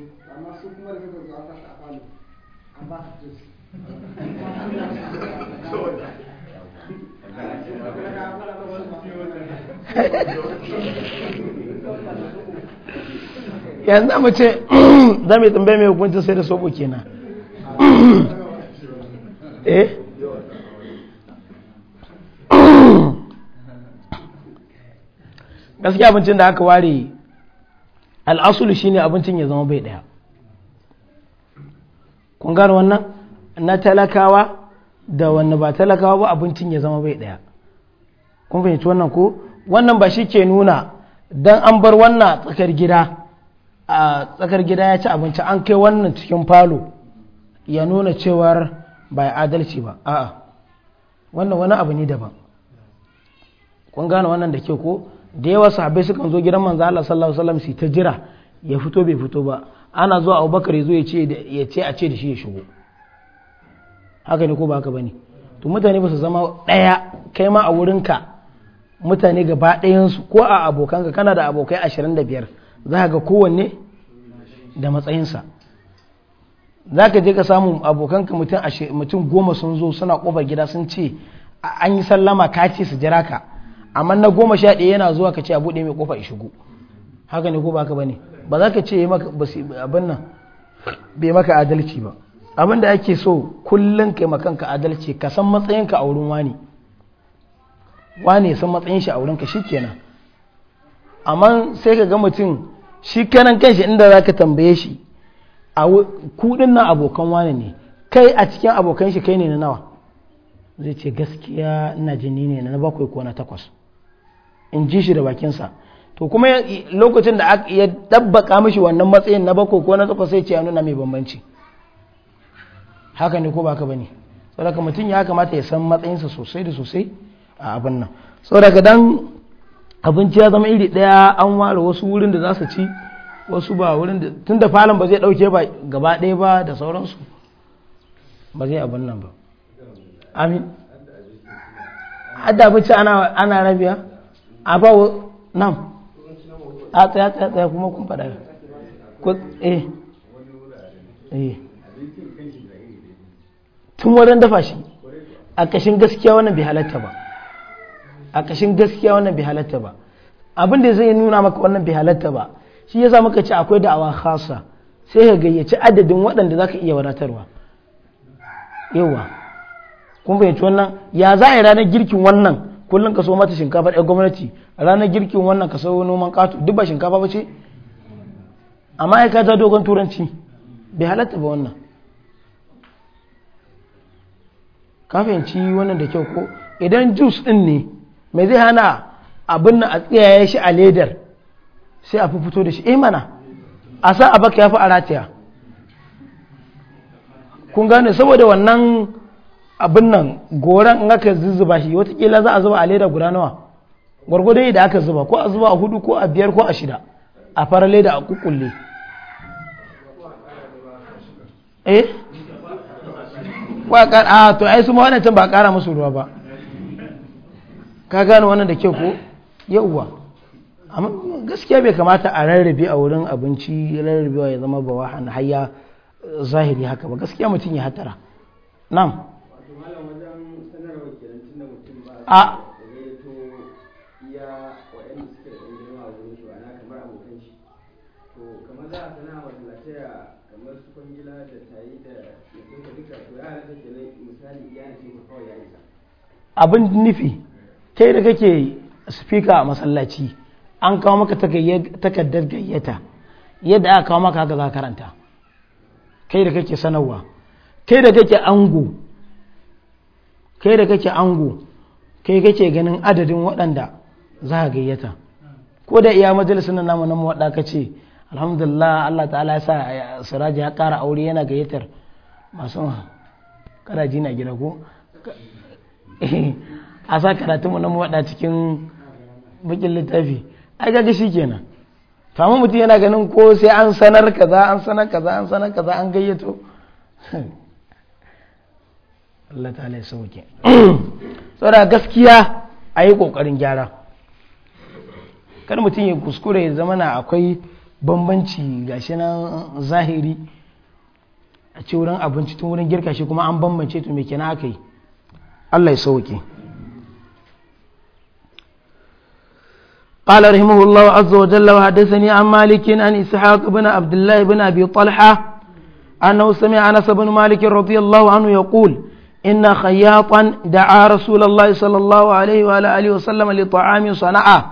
Speaker 1: yanzu mu ce za mu yi tambaye mai hukuncin sai da sobo ke na gaskiya abincin da aka ware al'asulu shine abincin ya zama bai daya kun gano wannan na talakawa da wanne ba talakawa ba abincin ya zama bai daya kun fahimci wannan ko wannan ba shi ke nuna don an bar wannan tsakar gida a tsakar gida ya ci abinci an kai wannan cikin falo ya nuna cewar ba adalci ba a'a wannan wani abu ne daban kun gane wannan da ke ko da yawa sahabbai sukan zo gidan manzo Allah sallallahu alaihi wasallam su ta jira ya fito bai fito ba ana zuwa Abubakar ya zo ya ce ya ce a ce da shi ya shigo haka ne ko ba haka bane to mutane ba su zama daya kai ma a wurinka mutane gaba ɗayansu ko a abokan ka kana da abokai ashirin da biyar za ga kowanne da matsayinsa za ka je ka samu abokan ka mutum goma sun zo suna ƙofar gida sun ce an yi sallama ka ce su jira ka amma na goma sha ɗaya yana zuwa ka ce a buɗe mai kofa ya shigo haka ne ko ba ka bane ba za ka ce abin nan bai maka adalci ba abin da ake so kullum kai makanka adalci ka san matsayinka a wurin wani wane san matsayin shi a wurin ka shi kenan amma sai ka ga mutum shi kanan kanshi inda za ka tambaye shi a kudin nan abokan wane ne kai a cikin abokan shi kai ne na nawa zai ce gaskiya ina jini ne na bakwai ko na takwas in ji shi da bakinsa to kuma lokacin da ya dabbaka mishi wannan matsayin na bakwai ko na takwas sai ce ya nuna mai bambanci haka ne ko baka bane saboda mutum ya kamata ya san matsayinsa sosai da sosai a abin nan so daga dan abinci ya zama iri daya an ware wasu wurin da za su ci wasu ba wurin da tun da falon ba zai dauke ba gaba ɗaya ba da sauransu ba zai abin nan ba amin hadda abinci ana ana rabiya a ba nan a tsaya tsaya tsaya kuma kun faɗa ko eh eh tun wurin dafa shi a kashin gaskiya wannan bai halatta ba a kashin gaskiya wannan bai halatta ba abin da zai nuna maka wannan bai halatta ba shi yasa muka ce akwai da'awa khasa sai ka gayyaci adadin waɗanda zaka iya wadatarwa yawa kun fahimci wannan ya za a yi ranar girkin wannan kullum ka so mata shinkafa ɗaya gwamnati ranar girkin wannan ka sau noman ƙato duk ba shinkafa ba ce amma ya kata dogon turanci bai halatta ba wannan ka fahimci wannan da kyau ko idan jus ɗin ne Mai zai hana abin na a tsiyaye shi a ledar sai a fito da shi eh mana a sa a baka ya fi a rataya kun gane saboda wannan abin nan goran in aka zuzzuba shi watakila za a zuba a ledar guda nawa gwargwadon da aka zuba ko a zuba a hudu ko a biyar ko a shida a fara leda a kukulle eh? a to ai su ma can ba a kara musu ruwa ba ka gane wannan da kyau ko yauwa amma gaskiya bai kamata a rarrabe a wurin abinci rarrabewa ya zama ba wahan hayya eh, zahiri haka ba gaskiya mutum ya hatara nam a abin nufi kai da kake speaker a masallaci an kawo maka takardar gayyata yadda aka kawo maka haka za karanta kai da kake sanarwa kai da kake ango kai da kake ango kai kake ganin adadin waɗanda za ka gayyata ko da iya majalisar na namu na waɗa ka ce alhamdulillah Allah ta'ala ya sa siraji ya ƙara aure yana gayyatar masu kada jina gida ko eh, a sa karatunmu na wada cikin bakin littafi ai gaga shi kenan famu mutum yana ganin ko sai an sanar kaza an sanar kaza an sanar kaza an gayyato Allah ta lai sauke saboda gaskiya a yi ƙoƙarin gyara kar mutum ya kuskure ya zama na akwai bambanci gashi nan zahiri a ci wurin abinci tun wurin girka shi kuma an bambance to me kenan aka yi Allah ya sauke قال رحمه الله عز وجل وحدثني عن مالك عن إسحاق بن عبد الله بن أبي طلحة أنه سمع أنس بن مالك رضي الله عنه يقول إن خياطا دعا رسول الله صلى الله عليه وعلى آله وسلم لطعام صنعه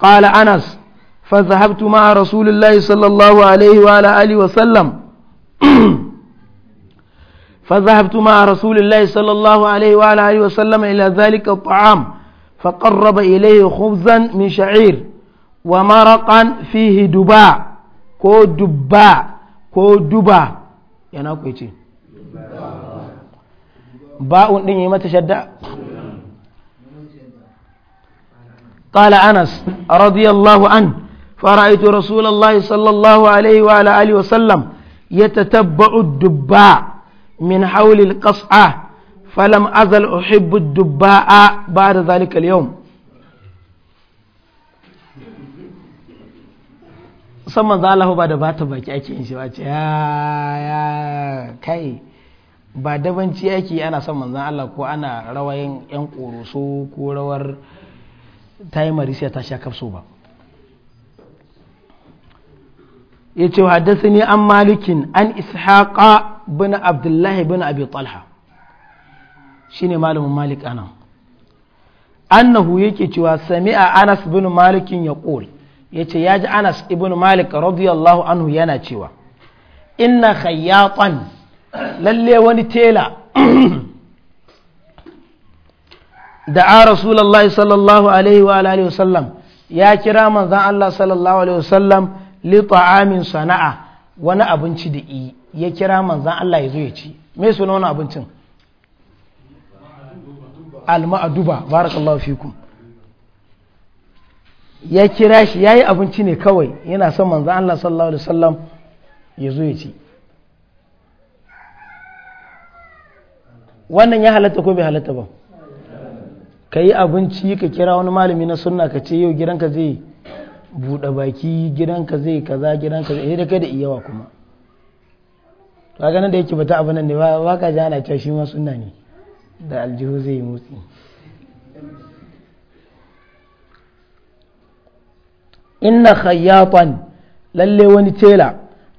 Speaker 1: قال أنس فذهبت مع رسول الله صلى الله عليه وعلى آله وسلم فذهبت مع رسول الله صلى الله عليه وعلى آله وسلم إلى ذلك الطعام فقرب إليه خبزا من شعير ومرقا فيه دباء كو دباء كو دباء يا ناكويتي باء دين ما تشدع قال أنس رضي الله عنه فرأيت رسول الله صلى الله عليه وعلى آله وسلم يتتبع الدباء من حول القصعة falam azal uhibbu dubba'a ba da zalikal yau za Allah ba da bata baki ake yin shi ba ce ya kai ba dabanci yake ana son manzan Allah ko ana rawayin yan ƙoroso ko rawar tayi marisiya ta sha kafso ba ya ce haddasa ne an malikin an ishaƙa bin abdullahi bin abi talha shine malamin malik anan annahu yake cewa sami'a anas bin malikin ya ƙul ya ce ya ji anas ibn malik radiyallahu anhu yana cewa inna khayyatan lalle wani tela da a rasulallah sallallahu alaihi wa alihi wasallam ya kira manzan Allah sallallahu alaihi wasallam li ta'amin sana'a wani abinci da ya kira manzan Allah ya zo ya ci me sunan wani abincin al-ma'duba barakallahu fikum ya kira shi yayi abinci ne kawai yana son manzo Allah sallallahu alaihi wasallam ya zo ya ci wannan ya halatta ko bai halatta ba ka yi abinci ka kira wani malami na sunna ka ce yau gidanka zai buɗe baki gidanka zai kaza gidanka zai da kai da iyawa kuma ba ganin da yake bata abu nan ne ba ka ji cewa shi ma sunna ne da aljihu zai motsi inna khayyatan lalle wani tela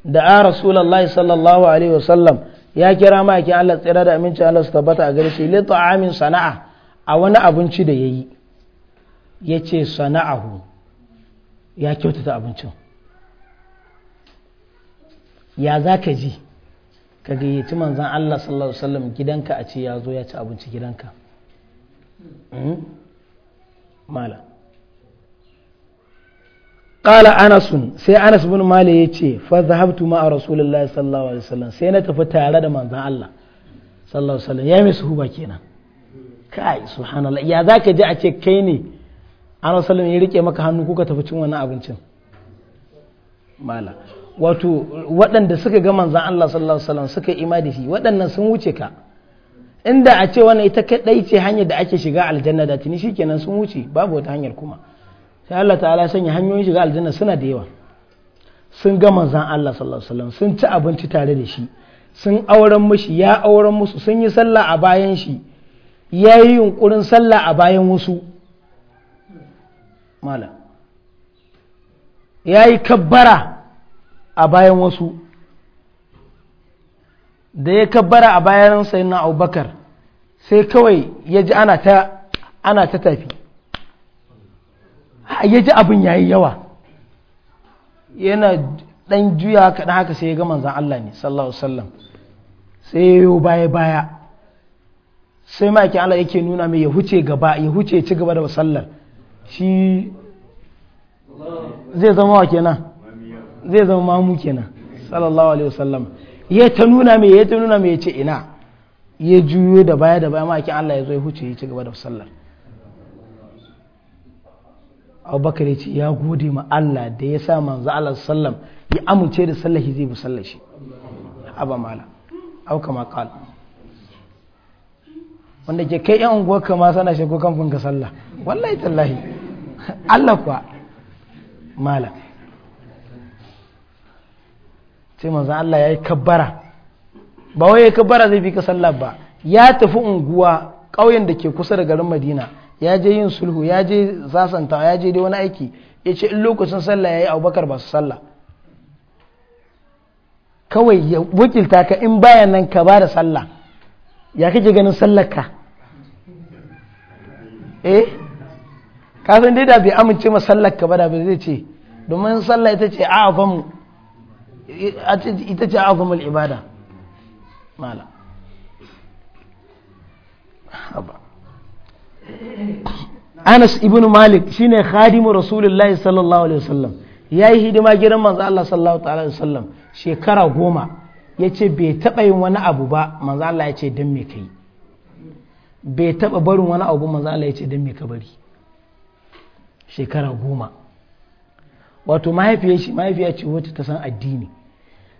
Speaker 1: da a rasulallah sallallahu alaihi wasallam ya kira maki Allah tsira da aminci Allah su tabbata a gare shi li ta'amin sana'a a wani abinci da yayi yace sana'ahu ya kyautata abincin ya zaka ji ka gayyaci manzan Allah sallallahu alaihi wasallam gidanka a ce ya zo ya ci abinci gidanka hmm? mala qala anas sai anas bin malik yace fa zahabtu a rasulullahi sallallahu alaihi wasallam sai na tafi tare da manzan Allah sallallahu alaihi wasallam ya mai suhuba kenan kai subhanallah ya zaka ji a ce kai ne anas sallallahu alaihi wasallam ya rike maka hannu kuka tafi cin wannan abincin mala wato waɗanda suka ga manzan Allah sallallahu alaihi wasallam suka ima da shi waɗannan sun wuce ka inda a ce wannan ita kadai ce hanyar da ake shiga aljanna da tuni shikenan sun wuce babu wata hanyar kuma sai Allah ta'ala sanya hanyoyin shiga aljanna suna da yawa sun ga manzan Allah sallallahu alaihi wasallam sun ci abinci tare da shi sun auren mushi ya auren musu sun yi sallah a bayan shi ya yi yunkurin sallah a bayan wasu malam ya yi kabbara a bayan wasu da ya kabbara a bayan na abubakar sai kawai ya ji ana ta ana ta tafi ya ji abin yayi yawa yana dan juya kaɗan haka sai ya ga manzan Allah ne sallallahu sallam sai ya yi baya baya sai ma'aikin Allah yake nuna mai ya huce gaba ya huce ci gaba da sallar shi zai zama wa kenan zai zama mamu kenan sallallahu alaihi wasallam ya ta nuna mai ya ta nuna mai ya ce ina ya juyo da baya da baya ma'aikin Allah ya zo ya huce ya ci gaba da sallar abubakar ya ce ya gode ma Allah da ya sa manzo Allah sallam ya amince da sallahi zai bi sallar shi haba mala au kama qal wanda ke kai yan unguwar kama sana shi ko kan ka sallah wallahi tallahi Allah kuwa mala sai manzan Allah ya yi kabbara ba wai ya kabbara zai bi ka sallah ba ya tafi unguwa ƙauyen da ke kusa da garin madina ya je yin sulhu ya je zasanta ya je dai wani aiki ya ce in lokacin sallah ya yi abubakar ba su sallah kawai ya wakilta ka in baya nan ka ba da sallah ya kake ganin sallar eh? ka eh kasan dai da bai amince ma sallar ka ba da bai zai ce domin sallah ita ce a mu ita ce azumul ibada mala Anas ibn Malik shine khadimu Rasulullahi sallallahu alaihi wasallam yayi hidima gidan manzo Allah sallallahu ta'ala alaihi wasallam shekara goma yace bai taba yin wani abu ba manzo Allah yace dan me kai bai taba barin wani abu manzo Allah yace dan me ka bari shekara goma wato mahaifiyar shi mahaifiya ce wacce ta san addini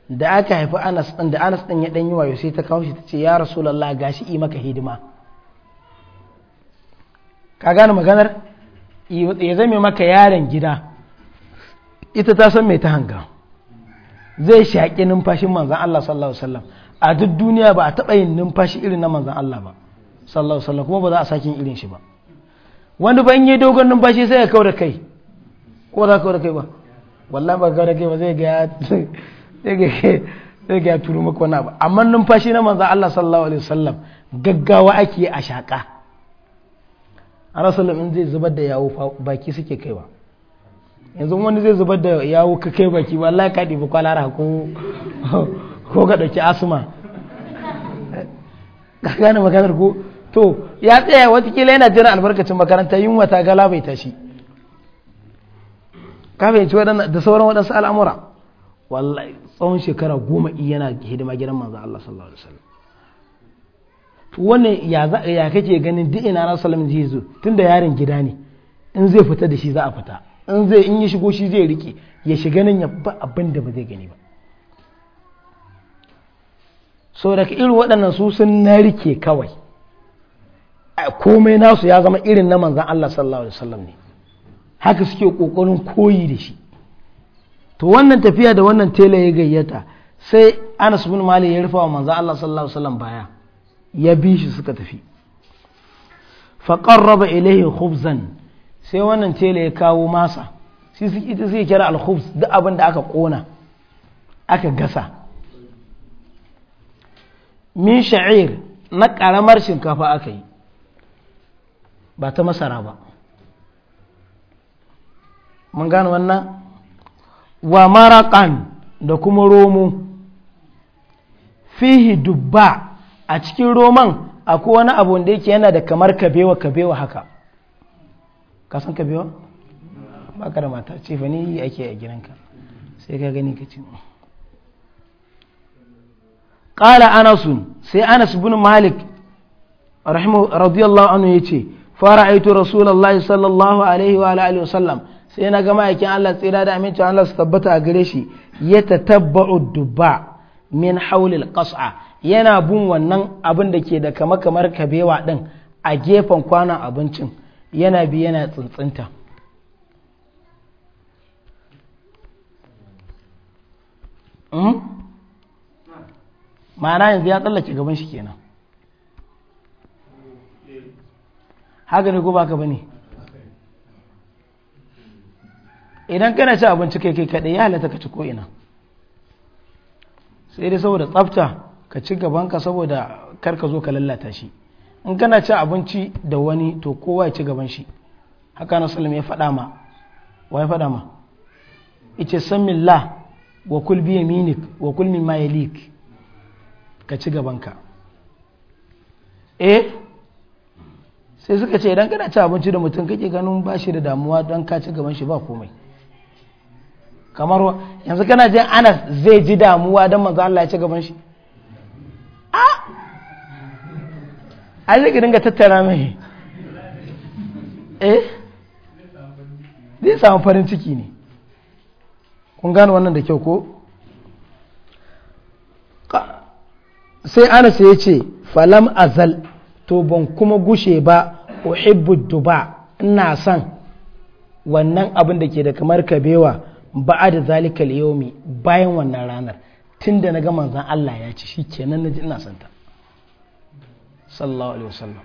Speaker 1: da aka haifi anas ɗin da anas ɗin ya ɗan yi wayo sai ta kawo shi ta ce ya rasulallah gashi i maka hidima ka gane maganar ya zame maka yaren gida ita ta san mai ta hanga zai shaƙi numfashin manzan Allah sallallahu alaihi wasallam a duk duniya ba a taɓa yin numfashi irin na manzan Allah ba sallallahu alaihi wasallam kuma ba za a sakin irin shi ba wani ban yi dogon numfashi sai ya kawo da kai ko za ka kawo da kai ba wallahi ba kawo da kai ba zai ga sai ga ya maka wani abu amma numfashi na manzan Allah sallallahu alaihi wasallam gaggawa ake a shaƙa a sallam in zai zubar da yawo baki suke kaiwa yanzu wani zai zubar da yawo ka kai baki ba wallahi ka ɗibi kwalara ko ko ga ɗauki asuma ka gane maganar ko to ya tsaya watakila yana jiran albarkacin makaranta yin wata gala bai tashi ka fahimci da sauran waɗansu al'amura wallahi tsawon shekara goma yana hidima gidan manzan Allah sallallahu alaihi wasallam wannan ya ya kake ganin duk ina na sallam zai zo tunda yaron gida ne in zai fita da shi za a fita in zai in ya shigo shi zai rike ya shiga nan ya ba abin ba zai gani ba so daga irin waɗannan su sun na rike kawai komai nasu ya zama irin na manzan Allah sallallahu alaihi wasallam ne haka suke kokarin koyi da shi to wannan tafiya da wannan tela ya gayyata sai anas bin mali ya rufa wa manzo Allah sallallahu alaihi wasallam baya ya bi shi suka tafi fa qarraba ilayhi khubzan sai wannan tela ya kawo masa shi su ita sai kira al khubz duk abin da aka kona aka gasa min sha'ir na karamar shinkafa aka yi ba ta masara ba mun gane wannan wa marakan da kuma romo fihi dubba a cikin roman akwai wani abu da yake yana da kamar kabewa kabewa haka kasan kabewa? ba ka da mata ce fa ni ake a gidanka sai ka gani ka ce ƙala anasun sai anas bin malik radiyallahu anhu ya ce fara aito rasulallah sallallahu alaihi wa alihi wasallam sai na ga ma'aikin Allah tsira da amincin Allah su tabbata a gare shi ya tatabba'u dubba min haulil ƙas'a yana bin wannan abin da ke da kama kamar kabewa ɗin a gefen kwanon abincin yana bi yana tsintsinta hmm? yanzu ya tsallake gaban shi kenan haka ne ko ba ka bane idan kana ci abinci kai kai kaɗai ya halatta ka ci ko ina sai dai saboda tsafta ka ci gabanka saboda kar ka zo ka lallata shi in kana ci abinci da wani to kowa ya ci gaban shi haka na salam ya faɗa ma wa ya faɗa ma ice sammin la wa kul biya minik wa kul min ma yalik ka ci gabanka eh sai suka ce idan kana ci abinci da mutum kake ganin ba shi da damuwa don ka ci gaban shi ba komai kamar yanzu kana jin anas zai ji damuwa don manzo Allah ya ci gaban shi a yi zikirin dinga tattara mai eh zai samu farin ciki ne kun gano wannan da kyau ko sai anas ya ce falam azal to ban kuma gushe ba uhibbu duba ina son wannan abin da ke da kamar kabewa da zalika al yomi bayan wannan ranar tun da na gama zan Allah ya ci kenan na ina santa sallallahu alaihi wasallam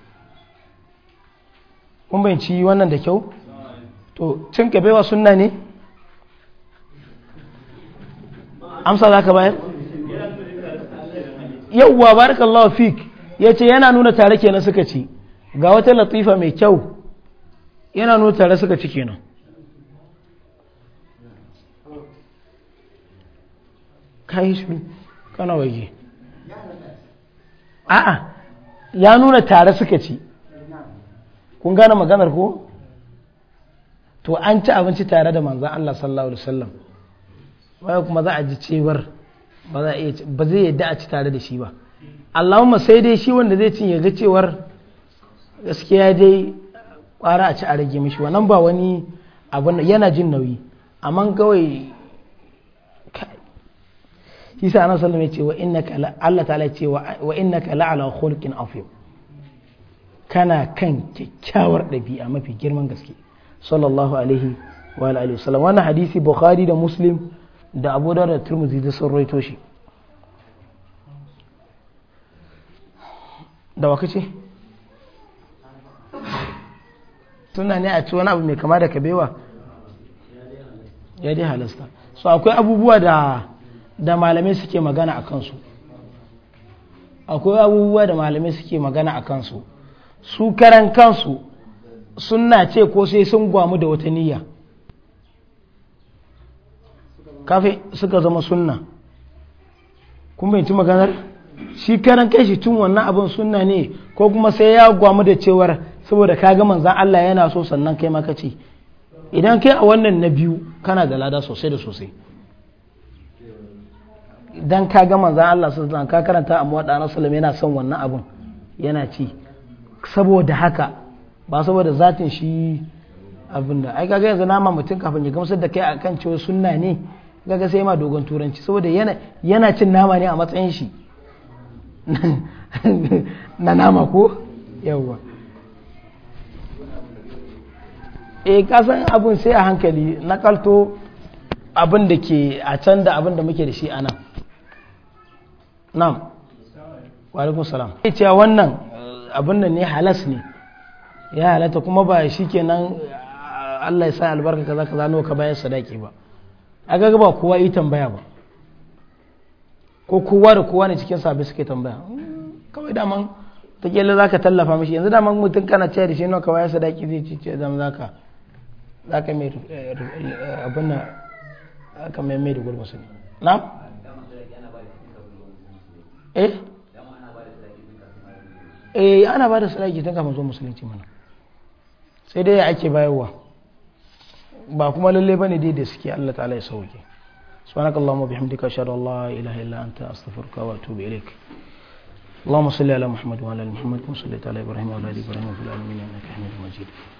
Speaker 1: bai bayanci wannan da kyau to cin baiwa sunna ne amsa zaka bayar yawwa barakallahu fik yace yana nuna tare kenan suka ci ga wata latifa mai kyau yana nuna tare suka ci kenan ka kana waje a'a ya nuna tare suka ci kun gane maganar ko to an ci abinci tare da manzan Allah sallallahu alaihi wasallam wai kuma za a ji cewar ba za iya ba zai yadda a ci tare da shi ba Allahumma sai dai shi wanda zai cin ya ga cewar gaskiya dai kwara a ci a rage mishi wannan ba wani abin yana jin nauyi amma kawai shi sa annabi sallallahu ya ce wa innaka Allah ta'ala ce wa innaka la'ala khulqin afim kana kan kyakkyawar ɗabi'a mafi girman gaske sallallahu alaihi wa alihi wasallam wannan hadisi bukhari da muslim da abu da turmuzi da sun roito shi da waka ce suna ne a ci wani abu mai kama da kabewa ya dai halasta so akwai abubuwa da da malamai suke magana a kansu akwai abubuwa da malamai suke magana a kansu su karan kansu suna ce ko sai sun gwamu da wata niyya kafe suka zama sunna kun bai maganar shi karan kai shi tun wannan abin sunna ne ko kuma sai ya gwamu da cewar saboda ka ga manzan Allah yana so sannan kai makaci idan kai a wannan na biyu kana da lada sosai da sosai dan ka ga manza Allah sallallahu zan ka karanta amma da Anas sallallahu yana son wannan abun yana ci saboda haka ba saboda zatin shi abin da ai kaga yanzu nama mutum kafin ya gamsar da kai akan cewa sunna ne kaga sai ma dogon turanci saboda yana yana cin nama ne a matsayin shi na nama ko yawa eh kasan abun sai a hankali na kalto abin da ke a can da abin da muke da shi a nan na'am wa alaikum salam sai cewa wannan eh, abin nan ne halas ne ya halata kuma ba shi shikenan eh, Allah ya sa albarka kaza kaza nawa ka bayan sadaki ba a ga ba kowa yi tambaya ba ko kowa da kowa ne cikin sabi suke tambaya hmm, kawai daman ta kila za ka tallafa mashi yanzu daman mutum kana cewa da shi nawa kawai sadaki zai ci ce zama za ka za ka mai eh, abin nan aka mai mai da gulmasu ne na'am eh eh ana ba da sadaki tun kafin zo musulunci mana sai dai ake bayarwa ba kuma lalle bane dai da suke Allah ta'ala ya sauke سبحانك اللهم وبحمدك أشهد أن لا إله إلا أنت أستغفرك وأتوب إليك اللهم صل على محمد وعلى آل محمد كما على إبراهيم وعلى آل إبراهيم في العالمين إنك حميد مجيد